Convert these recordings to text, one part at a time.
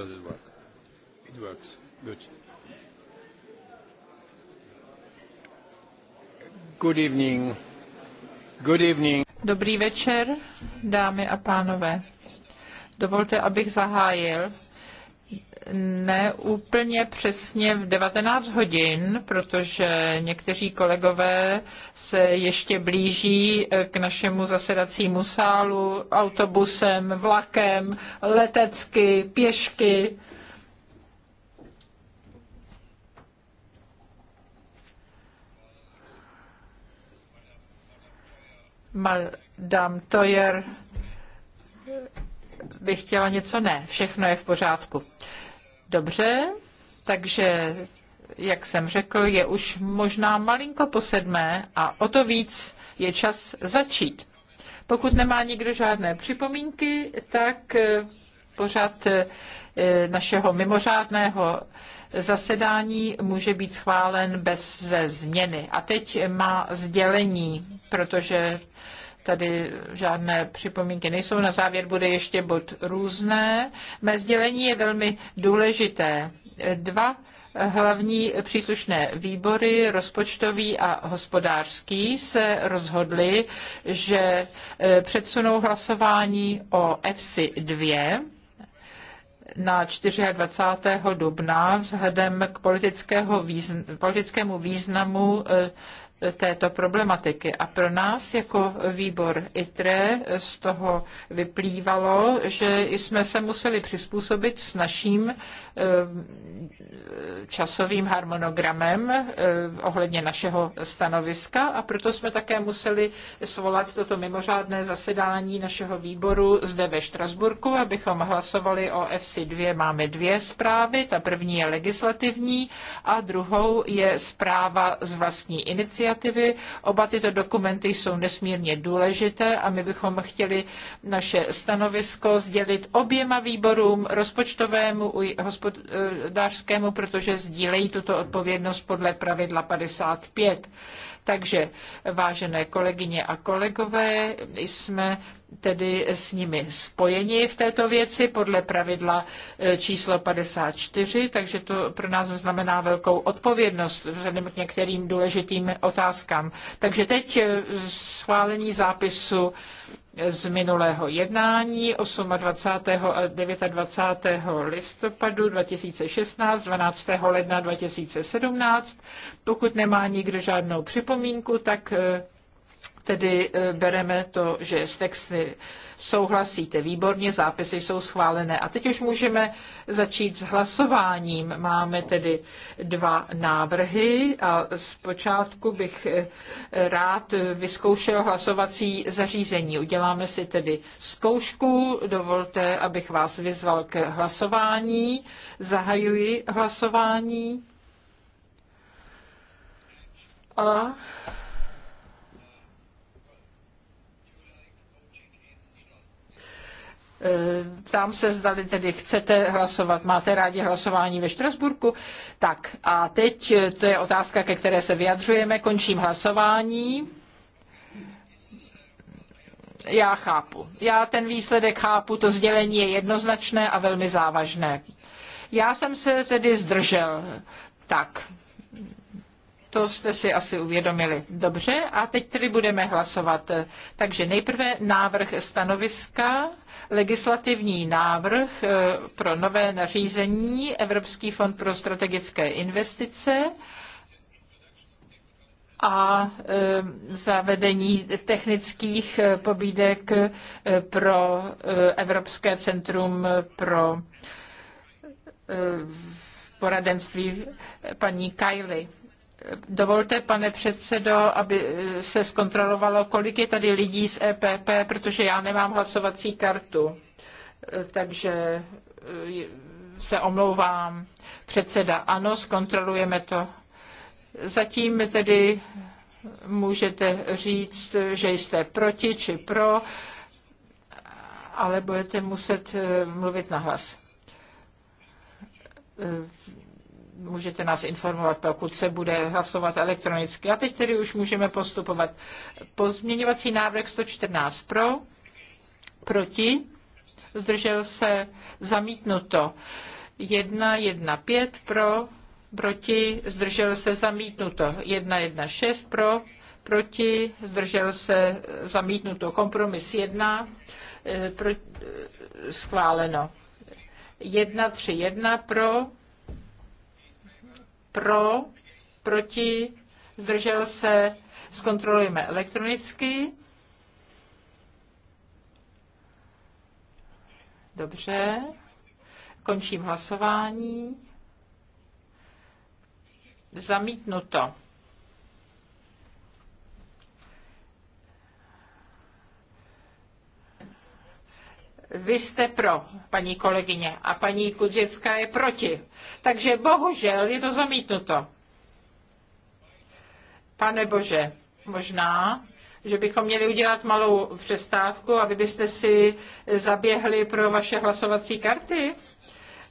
Does work? It works. Good. Good evening. Good evening. Dobrý večer, dámy a pánové. Dovolte, abych zahájil ne úplně přesně v 19 hodin, protože někteří kolegové se ještě blíží eh, k našemu zasedacímu sálu autobusem, vlakem, letecky, pěšky. Madame Toyer by chtěla něco? Ne, všechno je v pořádku. Dobře, takže, jak jsem řekl, je už možná malinko po sedmé a o to víc je čas začít. Pokud nemá nikdo žádné připomínky, tak eh, pořad eh, našeho mimořádného zasedání může být schválen bez změny. A teď má sdělení, protože Tady žádné připomínky nejsou. Na závěr bude ještě bod různé. Mé sdělení je velmi důležité. Dva hlavní příslušné výbory, rozpočtový a hospodářský, se rozhodli, že eh, předsunou hlasování o EFSI 2 na 24. dubna vzhledem k politickému významu eh, této problematiky. A pro nás jako výbor ITRE z toho vyplývalo, že jsme se museli přizpůsobit s naším eh, časovým harmonogramem eh, ohledně našeho stanoviska a proto jsme také museli svolat toto mimořádné zasedání našeho výboru zde ve Štrasburku, abychom hlasovali o FC2. Máme dvě zprávy, ta první je legislativní a druhou je zpráva z vlastní iniciativy iniciativy. Oba tyto dokumenty jsou nesmírně důležité a my bychom chtěli naše stanovisko sdělit oběma výborům, rozpočtovému i hospodářskému, protože sdílejí tuto odpovědnost podle pravidla 55. Takže, vážené kolegyně a kolegové, jsme tedy s nimi spojeni v této věci podle pravidla e, číslo 54, takže to pro nás znamená velkou odpovědnost vzhledem k některým důležitým otázkám. Takže teď e, schválení zápisu z minulého jednání 28. a 29. listopadu 2016, 12. ledna 2017. Pokud nemá nikdo žádnou připomínku, tak eh, tedy eh, bereme to, že z texty Souhlasíte, výborně, zápisy jsou schválené. A teď už můžeme začít s hlasováním. Máme tedy dva návrhy a zpočátku bych eh, rád vyzkoušel hlasovací zařízení. Uděláme si tedy zkoušku. Dovolte, abych vás vyzval k hlasování. Zahajuji hlasování. A Eh, Tam se zdali tedy chcete hlasovat, máte rádi hlasování ve Štrasburku? Tak a teď eh, to je otázka, ke které se vyjadřujeme. Končím hlasování. Já chápu. Já ten výsledek chápu, to sdělení je jednoznačné a velmi závažné. Já jsem se tedy zdržel. Tak, to jste si asi uvědomili. Dobře, a teď tedy budeme hlasovat. Takže nejprve návrh stanoviska, legislativní návrh eh, pro nové nařízení Evropský fond pro strategické investice a eh, zavedení technických eh, pobídek pro Evropské centrum pro poradenství paní Kylie. Dovolte, pane předsedo, aby eh, se zkontrolovalo, kolik je tady lidí z EPP, protože já nemám hlasovací kartu. Eh, takže eh, se omlouvám. Předseda, ano, zkontrolujeme to. Zatím tedy můžete říct, že jste proti či pro, ale budete muset mluvit na hlas můžete nás informovat, pokud se bude hlasovat elektronicky. A teď tedy už můžeme postupovat. Pozměňovací návrh 114 pro, proti, zdržel se, zamítnuto. 1, 1, 5 pro, proti, zdržel se, zamítnuto. 1, 1, 6 pro, proti, zdržel se, zamítnuto. Kompromis 1, eh, pro, eh, schváleno. 1, 3, 1 pro, pro, proti, zdržel se, zkontrolujeme elektronicky. Dobře, končím hlasování. Zamítnuto. Vy jste pro, paní kolegyně, a paní Kudřická je proti. Takže bohužel je to zamítnuto. Pane Bože, možná, že bychom měli udělat malou přestávku, aby byste si zaběhli pro vaše hlasovací karty.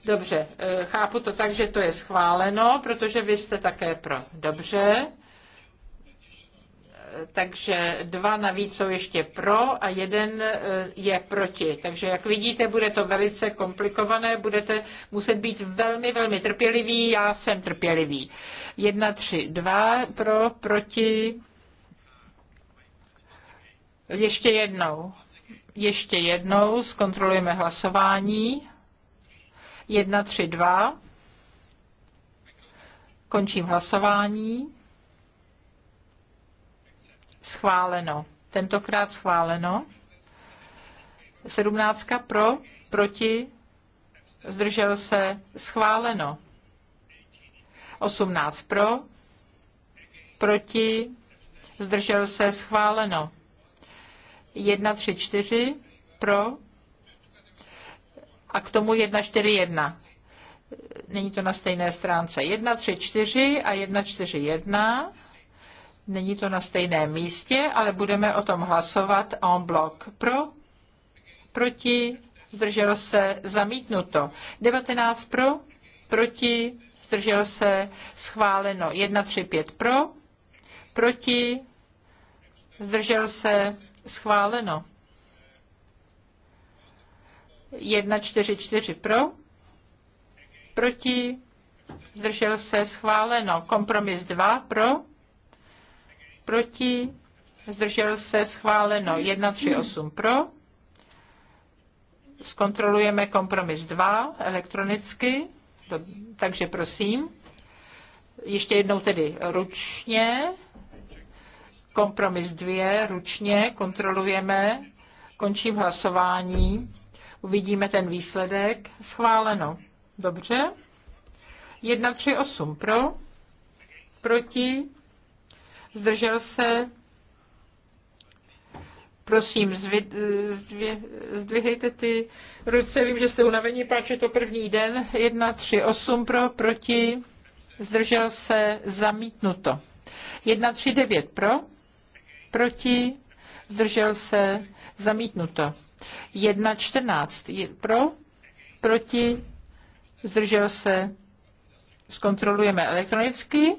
Dobře, eh, chápu to tak, že to je schváleno, protože vy jste také pro. Dobře takže dva navíc jsou ještě pro a jeden eh, je proti. Takže jak vidíte, bude to velice komplikované, budete muset být velmi, velmi trpěliví, já jsem trpělivý. Jedna, tři, dva, pro, proti. Ještě jednou. Ještě jednou zkontrolujeme hlasování. Jedna, tři, dva. Končím hlasování schváleno. Tentokrát schváleno. Sedmnáctka pro, proti, zdržel se, schváleno. Osmnáct pro, proti, zdržel se, schváleno. Jedna tři čtyři pro a k tomu jedna čtyři jedna. Není to na stejné stránce. Jedna tři čtyři a jedna čtyři jedna Není to na stejném místě, ale budeme o tom hlasovat en bloc. Pro, proti, Zdrželo se, zamítnuto. 19 pro, proti, Zdrželo se, schváleno. 1, 3, 5 pro, proti, zdržel se, schváleno. 1, 4, 4 pro, proti, zdržel se, schváleno. Kompromis 2 pro, proti, zdržel se, schváleno 138 pro. Zkontrolujeme kompromis 2 elektronicky, takže prosím. Ještě jednou tedy ručně, kompromis 2 ručně kontrolujeme, končím hlasování, uvidíme ten výsledek, schváleno. Dobře. 138 pro, proti, zdržel se, prosím, zdvihejte ty ruce, vím, že jste unavení, páč je to první den, 1, 3, 8 pro, proti, zdržel se, zamítnuto. 1, 3, 9 pro, proti, zdržel se, zamítnuto. 1, 14 pro, proti, zdržel se, zkontrolujeme elektronicky.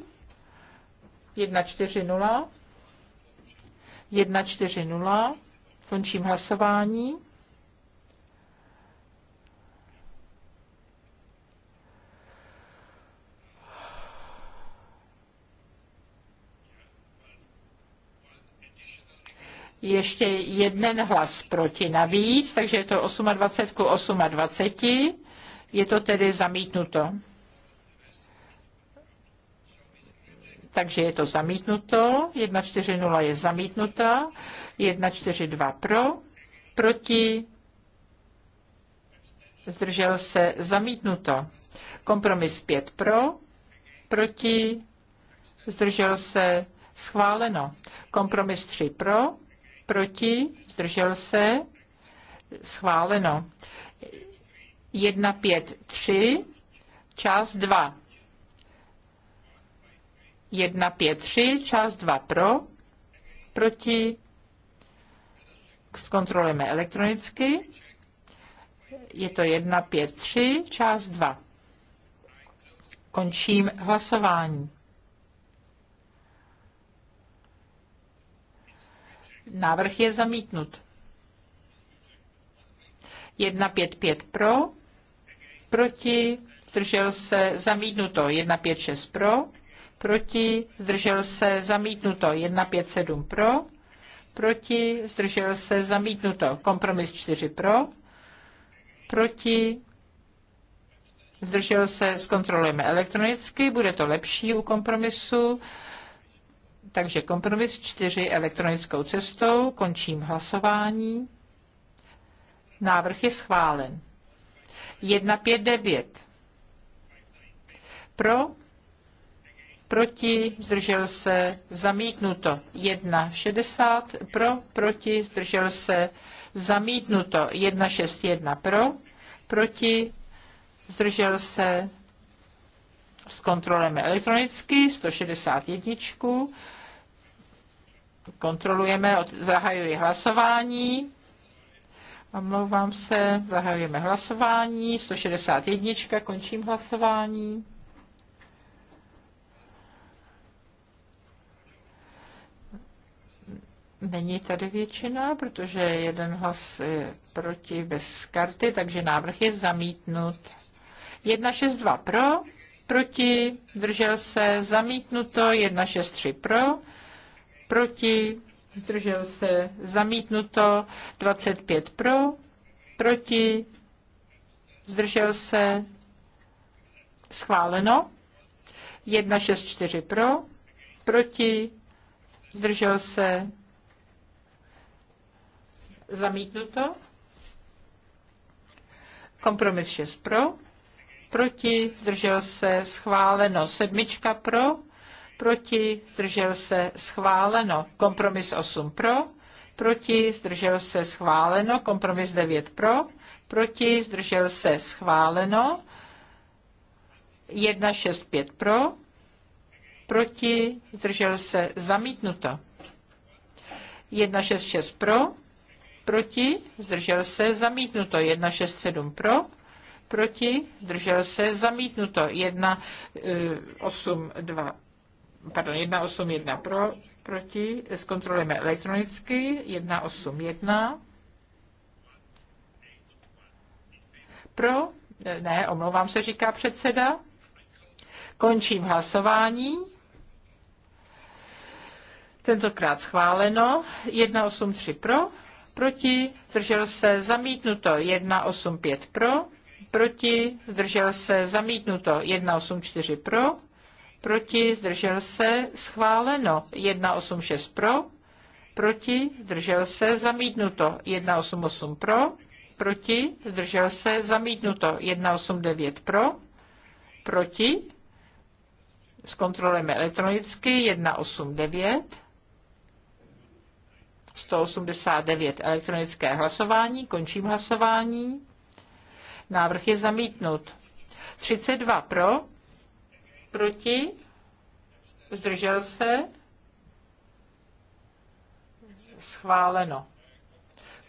1.4.0. 1.4.0. Končím hlasování. ještě jeden hlas proti navíc, takže je to 28 k 28. Je to tedy zamítnuto. takže je to zamítnuto. 1.4.0 je zamítnuta. 1.4.2 pro, proti, zdržel se zamítnuto. Kompromis 5 pro, proti, zdržel se schváleno. Kompromis 3 pro, proti, zdržel se schváleno. 1.5.3, část 2 1, 5, 3, část 2 pro, proti, zkontrolujeme elektronicky. Je to 1, 5, 3, část 2. Končím hlasování. Návrh je zamítnut. 1, 5, 5 pro, proti, zdržel se, zamítnuto 1, 5, 6 pro, proti, zdržel se, zamítnuto. 157 pro, proti, zdržel se, zamítnuto. Kompromis 4 pro, proti, zdržel se, zkontrolujeme elektronicky, bude to lepší u kompromisu. Takže kompromis 4 elektronickou cestou, končím hlasování. Návrh je schválen. 159. Pro proti, zdržel se, zamítnuto. 1,60 pro, proti, zdržel se, zamítnuto. 1,61 pro, proti, zdržel se, zkontrolujeme elektronicky, 161. Kontrolujeme, od, zahajuji hlasování. Omlouvám se, zahajujeme hlasování, 161, končím hlasování. Není tady většina, protože jeden hlas je proti bez karty, takže návrh je zamítnut. 162 pro, proti, držel se, zamítnuto, 163 pro, proti, držel se, zamítnuto, 25 pro, proti, zdržel se, schváleno, 164 pro, proti, zdržel se, Zamítnuto. Kompromis 6 pro. Proti. Zdržel se. Schváleno. Sedmička pro. Proti. Zdržel se. Schváleno. Kompromis 8 pro. Proti. Zdržel se. Schváleno. Kompromis 9 pro. Proti. Zdržel se. Schváleno. 165 pro, proti, zdržel se, zamítnuto. 166 pro, proti, zdržel se, zamítnuto 7 pro, proti, zdržel se, zamítnuto 2, e, pardon, 1 pro, proti, zkontrolujeme elektronicky, 1, pro, e, ne, omlouvám se, říká předseda. Končím hlasování. Tentokrát schváleno. 183 pro, proti, zdržel se, zamítnuto 185 pro, proti, zdržel se, zamítnuto 184 pro, proti, zdržel se, schváleno 186 pro, proti, zdržel se, zamítnuto 188 pro, proti, zdržel se, zamítnuto 189 pro, proti, zkontrolujeme elektronicky 189, 189 elektronické hlasování, končím hlasování. Návrh je zamítnut. 32 pro, proti, zdržel se, schváleno.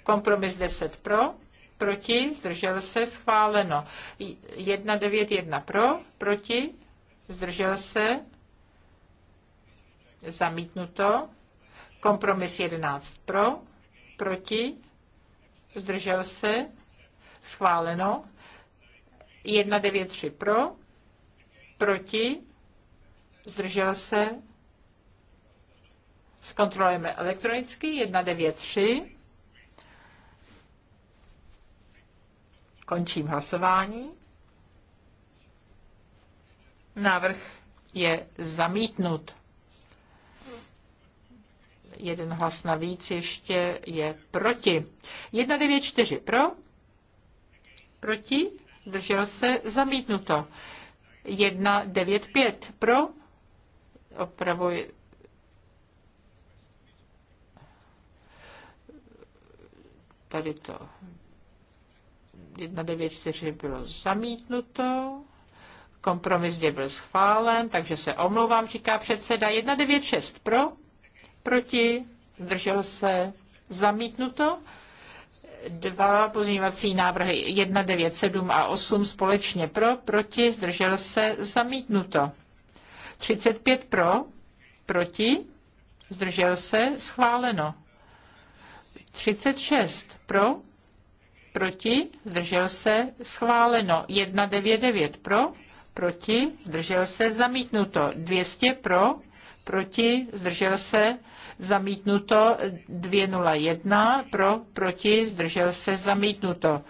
Kompromis 10 pro, proti, zdržel se, schváleno. 191 pro, proti, zdržel se, zamítnuto. Kompromis 11 pro, proti, zdržel se, schváleno. 193 pro, proti, zdržel se, zkontrolujeme elektronicky, 193. Končím hlasování. Návrh je zamítnut jeden hlas navíc ještě je proti. 4 pro, proti, zdržel se, zamítnuto. 5 pro, opravuje tady to 4 bylo zamítnuto, kompromis 2 byl schválen, takže se omlouvám, říká předseda 6 pro, proti, držel se, zamítnuto. Dva pozměňovací návrhy 1, 9, 7 a 8 společně pro, proti, zdržel se, zamítnuto. 35 pro, proti, zdržel se, schváleno. 36 pro, proti, zdržel se, schváleno. 1, 9, 9 pro, proti, zdržel se, zamítnuto. 200 pro, proti, zdržel se, zamítnuto 201 pro, proti, zdržel se, zamítnuto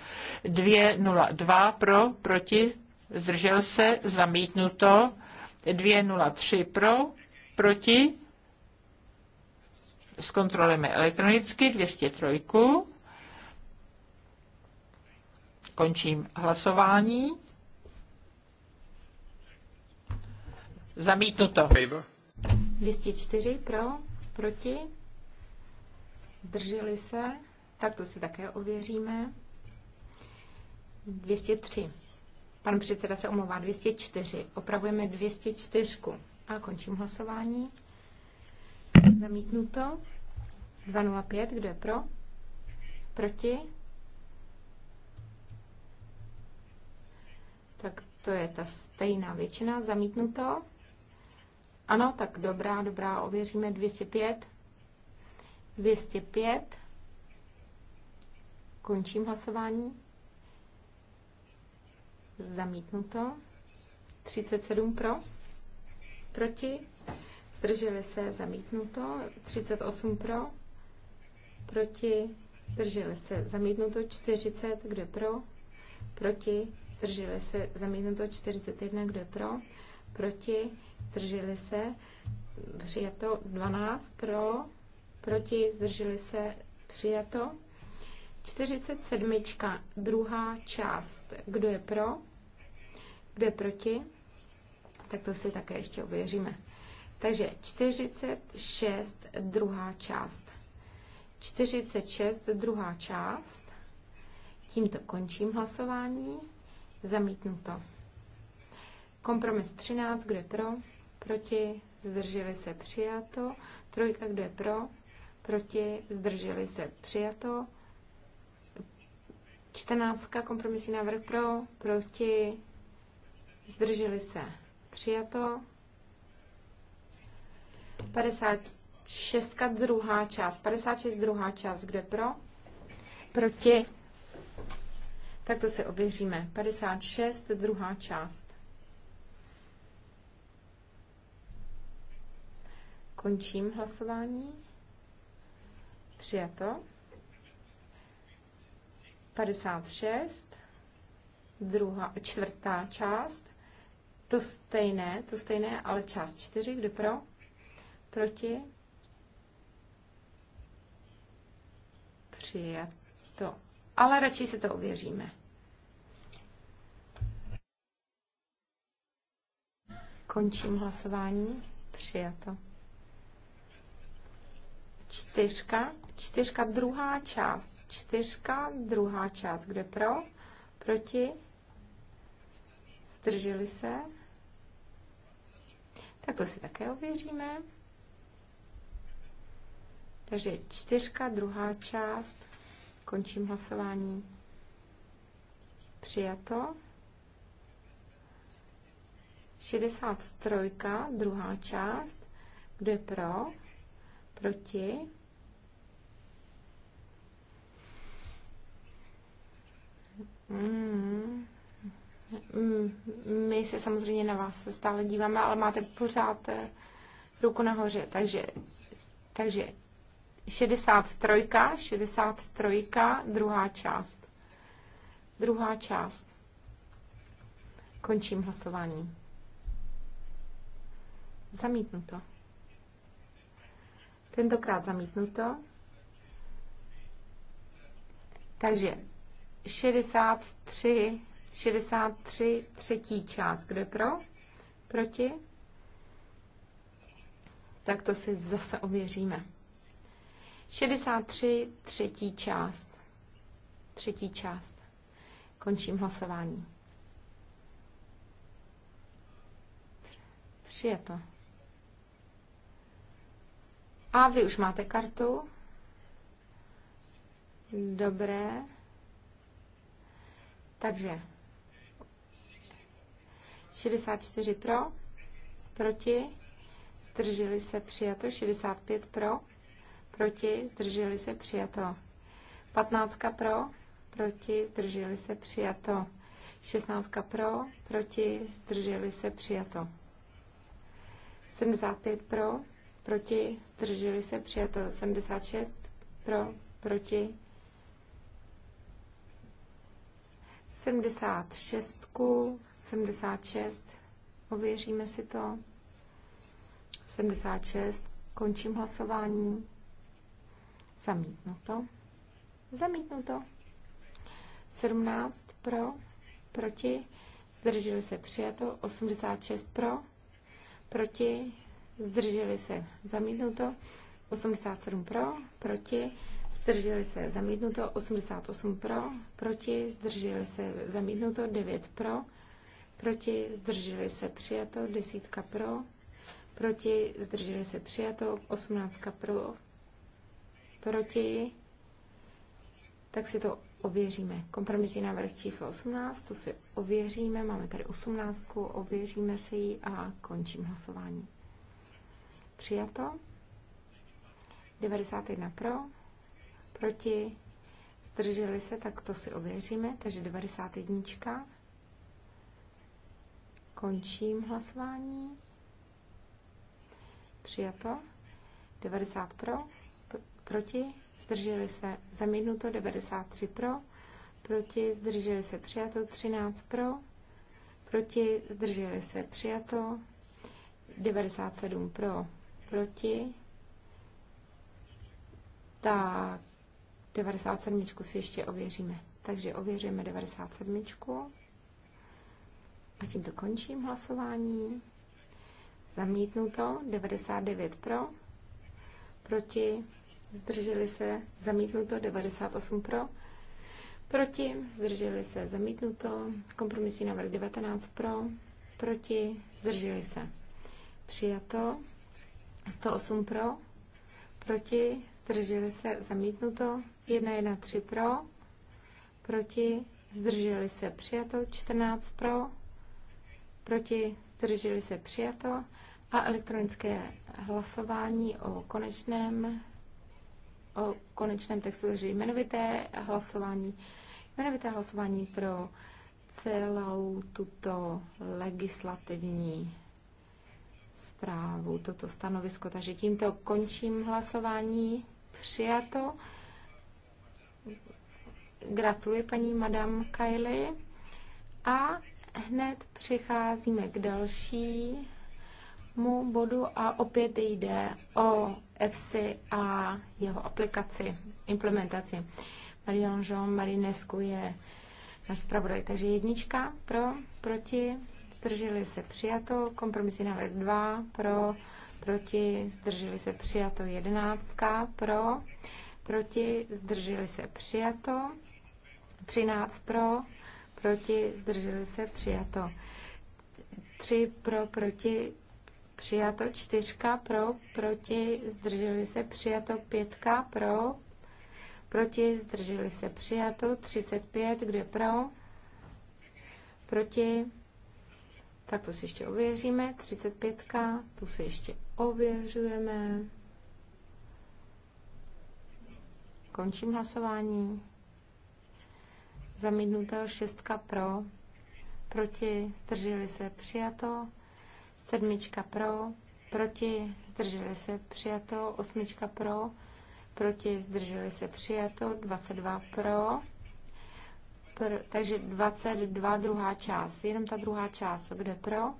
202 pro, proti, zdržel se, zamítnuto 203 pro, proti, zkontrolujeme elektronicky 203. Končím hlasování. Zamítnuto. Favor. 204 pro, proti, zdrželi se, tak to si také ověříme. 203. Pan předseda se omlouvá 204. Opravujeme 204. A končím hlasování. Zamítnuto. 205. Kdo je pro? Proti? Tak to je ta stejná většina. Zamítnuto. Ano, tak dobrá, dobrá, ověříme 205. 205. Končím hlasování. Zamítnuto. 37 pro. Proti. Zdrželi se zamítnuto. 38 pro. Proti. Zdrželi se zamítnuto. 40. Kdo pro? Proti. Zdrželi se zamítnuto. 41. Kdo pro? proti, zdrželi se, přijato 12 pro, proti, zdrželi se, přijato. 47. druhá část. Kdo je pro? Kdo je proti? Tak to si také ještě ověříme. Takže 46. druhá část. 46. druhá část. Tímto končím hlasování. Zamítnuto. Kompromis 13, kdo je pro, proti, zdrželi se přijato. Trojka, kdo je pro, proti, zdrželi se přijato. Čtrnáctka, kompromisní návrh pro, proti, zdrželi se přijato. 56. druhá část. 56. druhá část. Kde pro? Proti. Tak to si ověříme. 56. druhá část. Končím hlasování. Přijato. 56. Druhá, čtvrtá část. To stejné, to stejné, ale část 4. Kdo pro? Proti? Přijato. Ale radši se to ověříme. Končím hlasování. Přijato. Čtyřka, čtyřka druhá část, čtyřka druhá část, kde pro, proti, zdrželi se. Tak to si také ověříme. Takže čtyřka, druhá část. Končím hlasování. Přijato. 63, druhá část. kde pro? Proti? Mm, mm. My se samozřejmě na vás stále díváme, ale máte pořád eh, ruku nahoře. Takže, takže 63, 63, druhá část. Druhá část. Končím hlasování. zamítnu to. Tentokrát zamítnuto. Takže 63, 63 třetí část. Kdo je pro? Proti? Tak to si zase ověříme. 63 třetí část. Třetí část. Končím hlasování. Přijeto. A vy už máte kartu? Dobré. Takže 64 pro, proti, zdrželi se přijato, 65 pro, proti, zdrželi se přijato. 15 pro, proti, zdrželi se přijato. 16 pro, proti, zdrželi se přijato. 75 pro, proti, zdrželi se, přijato 76, pro, proti, 76, 76, ověříme si to, 76, končím hlasování, Zamítnu to. Zamítnu to. 17 pro, proti, zdrželi se přijato, 86 pro, proti, zdrželi se, zamítnuto. 87 pro, proti, zdrželi se, zamítnuto. 88 pro, proti, zdrželi se, zamítnuto. 9 pro, proti, zdrželi se, přijato. 10 pro, proti, zdrželi se, přijato. 18 pro, proti, tak si to ověříme. Kompromisní návrh číslo 18, to si ověříme, máme tady 18, ověříme si ji a končím hlasování. Přijato. 91 pro. Proti. Zdrželi se, tak to si ověříme. Takže 91. Končím hlasování. Přijato. 90 pro. Proti. Zdrželi se. Zamítnuto. 93 pro. Proti. Zdrželi se. Přijato. 13 pro. Proti. Zdrželi se. Přijato. 97 pro proti. Tak 97 si ještě ověříme. Takže ověříme 97. A to končím hlasování. Zamítnuto 99 pro, proti, zdrželi se, zamítnuto 98 pro, proti, zdrželi se, zamítnuto, kompromisní návrh 19 pro, proti, zdrželi se. Přijato 108 pro, proti, zdrželi se, zamítnuto, 113 pro, proti, zdrželi se, přijato, 14 pro, proti, zdrželi se, přijato a elektronické hlasování o konečném, o konečném textu, takže jmenovité hlasování, jmenovité hlasování pro celou tuto legislativní zprávu, toto stanovisko. Takže tímto končím hlasování. Přijato. Gratuluji paní madam Kylie. A hned přicházíme k dalšímu bodu a opět jde o EFSI a jeho aplikaci, implementaci. Marion Jean Marinescu je náš zpravodaj. Takže jednička pro, proti, zdrželi se přijato, kompromisní návrh 2 pro, proti, zdrželi se přijato 11 pro, proti, zdrželi se přijato 13 pro, proti, zdrželi se přijato 3 pro, proti, přijato 4 pro, proti, zdrželi se přijato 5 pro, proti, zdrželi se přijato 35, kde pro, proti, tak to si ještě ověříme. 35. Tu si ještě ověřujeme. Končím hlasování. Zamítnutel 6 pro, proti, zdrželi se, přijato. Sedmička pro, proti, zdrželi se, přijato. Osmička pro, proti, zdrželi se, přijato. 22 pro, pr, takže 22 druhá část, jenom ta druhá část, kde pro,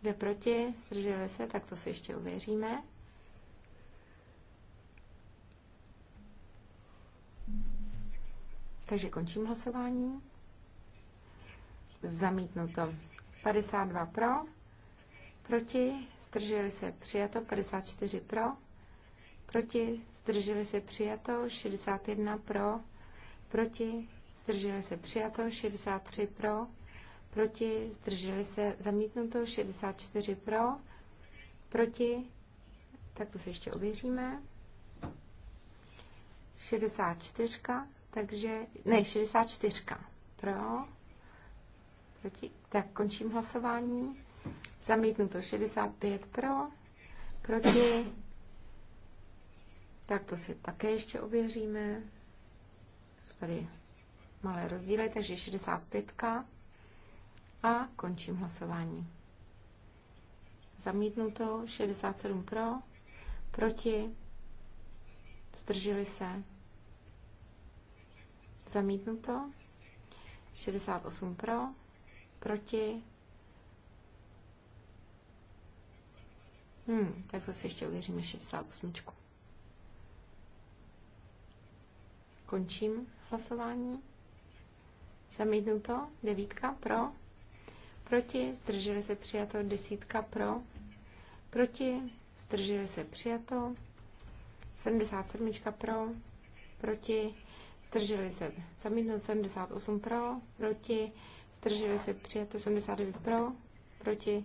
kde proti, zdrželi se, tak to si ještě uvěříme. Takže končím hlasování. Zamítnuto. 52 pro, proti, zdrželi se přijato, 54 pro, proti, zdrželi se přijato, 61 pro, proti, zdrželi se přijato, 63 pro, proti, zdrželi se zamítnuto, 64 pro, proti, tak to si ještě ověříme, 64, takže, ne, 64 pro, proti, tak končím hlasování, zamítnuto 65 pro, proti, tak to si také ještě ověříme, tady malé rozdíly, takže 65 a končím hlasování. Zamítnuto 67 pro, proti, zdrželi se, zamítnuto 68 pro, proti, Hmm, tak to si ještě uvěříme 68. Končím hlasování. Zamítnuto. Devítka pro. Proti. Zdrželi se přijato. Desítka pro. Proti. Zdrželi se přijato. 77 pro. Proti. Zdrželi se zamítnuto. 78 pro. Proti. Zdrželi se přijato. 79 pro. Proti.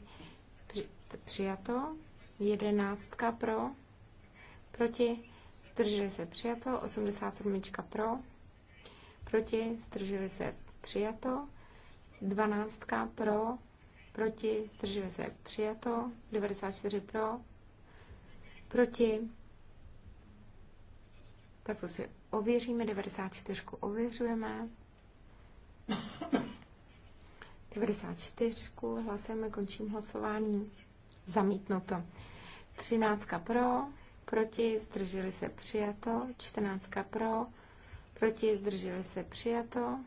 Přijato. Jedenáctka pro. Proti. Zdrželi se přijato. 87 pro. Proti. Zdrželi se přijato. Dvanáctka pro, proti, zdrželi se, přijato. 94 pro, proti. Tak to si ověříme, 94 ověřujeme. 94 hlasujeme, končím hlasování. Zamítnuto. 13 pro, proti, zdrželi se, přijato. 14 pro, proti, zdrželi se, přijato.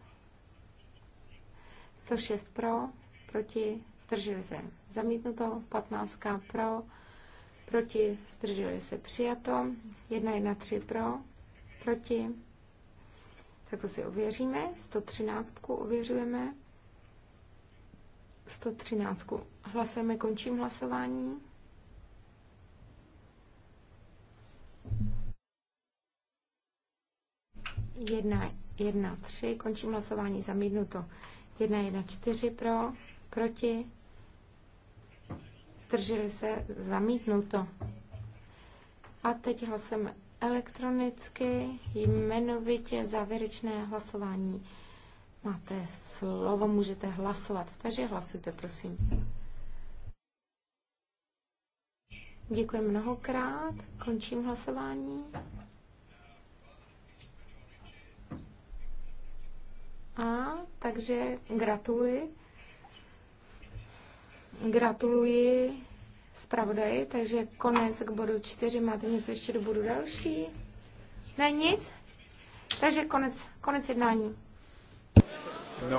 106 pro, proti, zdrželi se zamítnuto, 15 pro, proti, zdrželi se přijato, 3 pro, proti, tak to si ověříme, 113 ověřujeme, 113 hlasujeme, končím hlasování. Jedna, jedna, tři, končím hlasování, zamítnuto. 1.1.4 pro, proti, zdrželi se, zamítnuto. A teď hlasujeme elektronicky, jmenovitě závěrečné hlasování. Máte slovo, můžete hlasovat, takže hlasujte, prosím. Děkuji mnohokrát, končím hlasování. A takže gratuluji. Gratuluji zpravodaji, takže konec k bodu čtyři. Máte něco ještě do bodu další? Ne, nic? Takže konec, konec jednání. No.